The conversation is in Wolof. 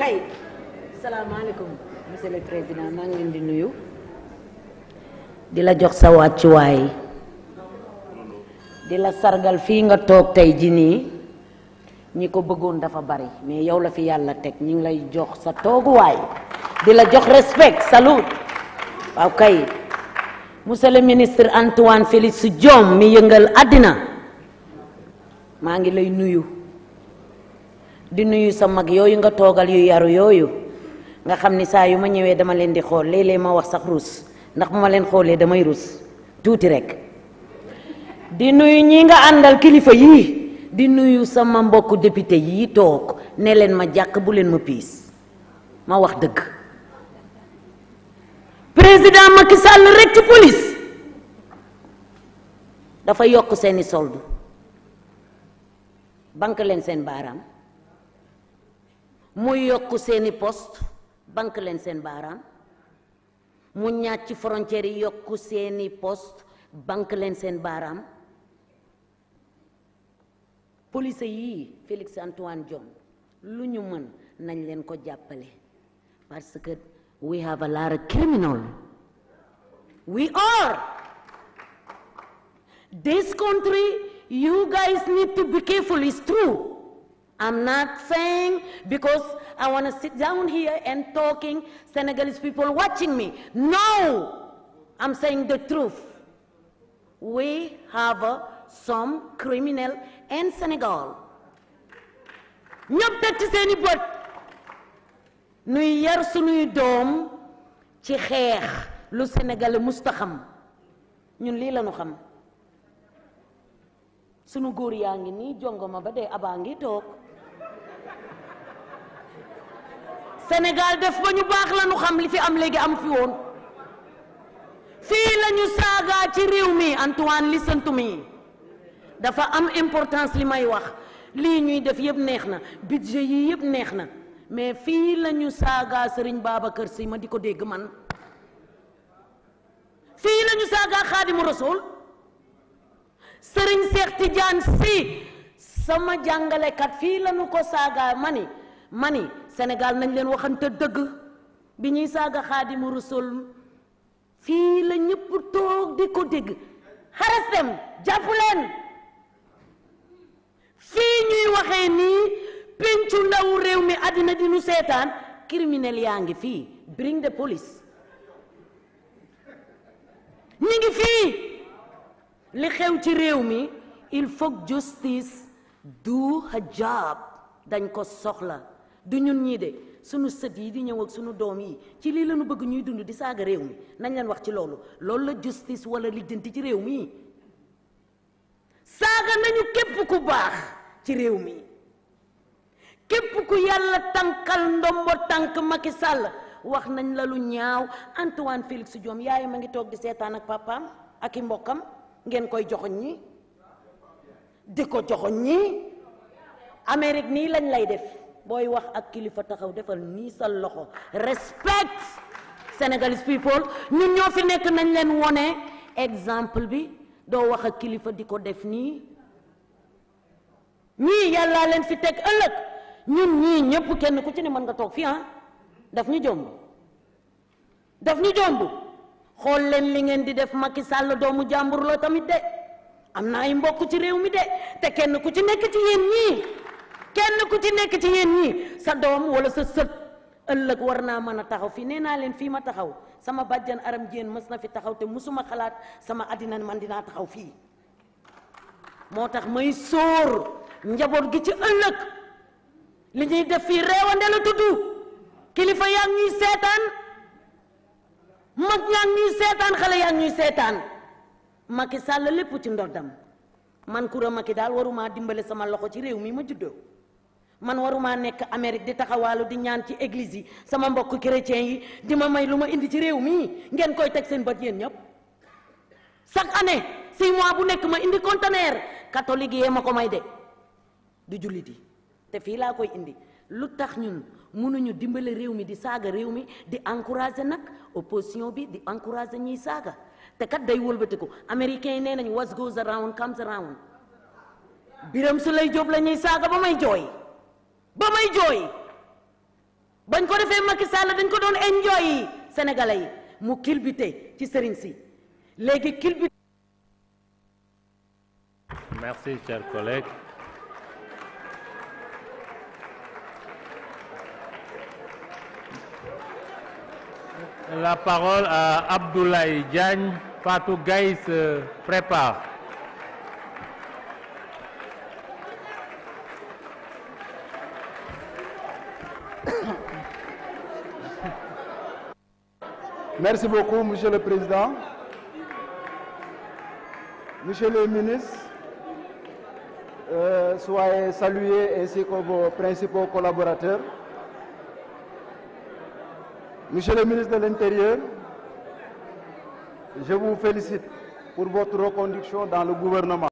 kay salaamaaleykum monsieur le président maa ngi leen di nuyu di la jox sa wàccuwaay di la sargal fii nga toog tey ji nii ñi ko bëggoon dafa bari mais yow la fi yàlla teg ñi ngi lay jox sa tooguwaay di la jox respect salut waaw kay monsieur le ministre Antoine Félix Diome mi yëngal àddina maa ngi lay nuyu di nuyu sa mag yooyu nga toogal yu yaru yooyu nga xam ni saa yu ma ñëwee dama leen di xool léeg-léeg ma wax sax ruus ndax bu ma leen xoolee damay ruus tuuti rek di nuyu ñi nga àndal kilifa yii di nuyu sama mbokku député yii toog ne leen ma jàkk bu leen ma piis ma wax dëgg président Macky Sall rek ci police dafa yokk seeni soldu banque leen seen baaraam mu yokk seeni poste banque leen seen baaraam mu ñaat ci yi yokk seeni poste banque leen seen baaraam police yii Félix Antoine Diome lu ñu mën nañ leen ko jàppale parce que we have a lot of criminal we are this you guys need to be careful true I'm not saying because I want to sit down here and talking Senegalese people watching me. No, I'm saying the truth. We have uh, some criminal in Senegal. ñëpp teg seeni bët nuy yar suñuy doom ci xeex lu Sénégal musta ñun lii lañu xam sunu góor yaa ngi nii jongoma ba dee abaa ngi toog Sénégal def ba ñu baax la xam li fi am léegi am fi woon fii la ñu ci réew mi Antoine li santu mi dafa am importance li may wax lii ñuy def yëpp neex na budget yi yëpp neex na mais fii lañu saaga saagaa baaba kër si ma di ko dégg man fii lañu ñu saagaa Xaadimu Rasuul Serigne Cheikh Tidiane Sy sama jàngalekat fii lañu ko saaga ma ni mani ni Sénégal nañ leen waxante dëgg bi ñuy saaga xaadimu rasul fii la ñëpp toog di ko dégg xaras jàpp leen fii ñuy waxee nii pencu ndaw réew mi àddina di nu seetaan criminel yaa ngi fii bring the police ñi ngi fii li xew ci réew mi il faut justice do her dañ ko soxla du ñun ñii de sunu sët yi di ñëw ak sunu doom yi ci lii lañu bëgg ñuy dund di saaga réew mi nañ leen wax ci loolu loolu la justice wala lijjanti ci réew mi saaga nañu képp ku baax ci réew mi képp ku yàlla tànkal ndombo tànk makki sàll wax nañ la lu ñaaw Antoine Félix Diome yaay ma ngi toog di seetaan ak papaam ak i mbokkam ngeen koy joxoñ ñi di ko joxoñ ñi Amérique nii lañ lay def booy wax ak kilifa taxaw defal nii sa loxo respect Senegalese people ñun ñoo fi nekk nañ leen wone exemple bi doo wax ak kilifa di ko def nii ñii yàlla leen fi teg ëllëg ñun ñii ñëpp kenn ku ci ne mën nga toog fii ah daf ñu jomb daf ñu jomb xool leen li ngeen di def Macky Sall doomu jàmbur la tamit de am na ay mbokk ci réew mi de te kenn ku ci nekk ci yéen ñii kenn ku ci nekk ci yéen ñii sa doom wala sa sët ëllëg war naa mën a taxaw fii nee naa leen fii ma taxaw sama bàjjan aram jéen mës na fi taxaw te musuma xalaat sama àddina man dinaa taxaw fii moo tax may sóor njaboot gi ci ëllëg li ñuy def fii réewande la tudd kilifa yaa ngi ñuy seetaan mag ñaa ngi ñuy seetaan xale yaa ngi ñuy seetaan Macky Sall lépp ci ndoddam man Coura Macky daal warumaa dimbale sama loxo ci réew mi ma juddoo man warumaa nekk Amérique di taxawaalu di ñaan ci église yi sama mbokk chrétien yi di ma may lu ma indi ci réew mi ngeen koy teg seen bët yéen ñëpp chaque année six bu nekk ma indi conteneur catholique yee ma ko may de di jullit yi te fii laa koy indi lu tax ñun mënuñu dimbale réew mi di saaga réew mi di encourager nag opposition bi di encourager ñiy saaga te kat day wëlbatiku américains yi nee nañu was goes around comes around biram su lay jóob la ñuy saaga ba may jooy ba may jooy bañ ko defee Macky Sall dañ ko doon enjoy yi sénégalais yi mu kilbite ci sëriñ si léegi kilbite merci chers collègues la parole à Abdoulaye Diagne Fatou Gaye euh, se prépare Merci beaucoup, Monsieur le Président. Monsieur le ministre, euh, soyez salués ainsi que vos principaux collaborateurs. Monsieur le ministre de l'Intérieur, je vous félicite pour votre reconduction dans le gouvernement.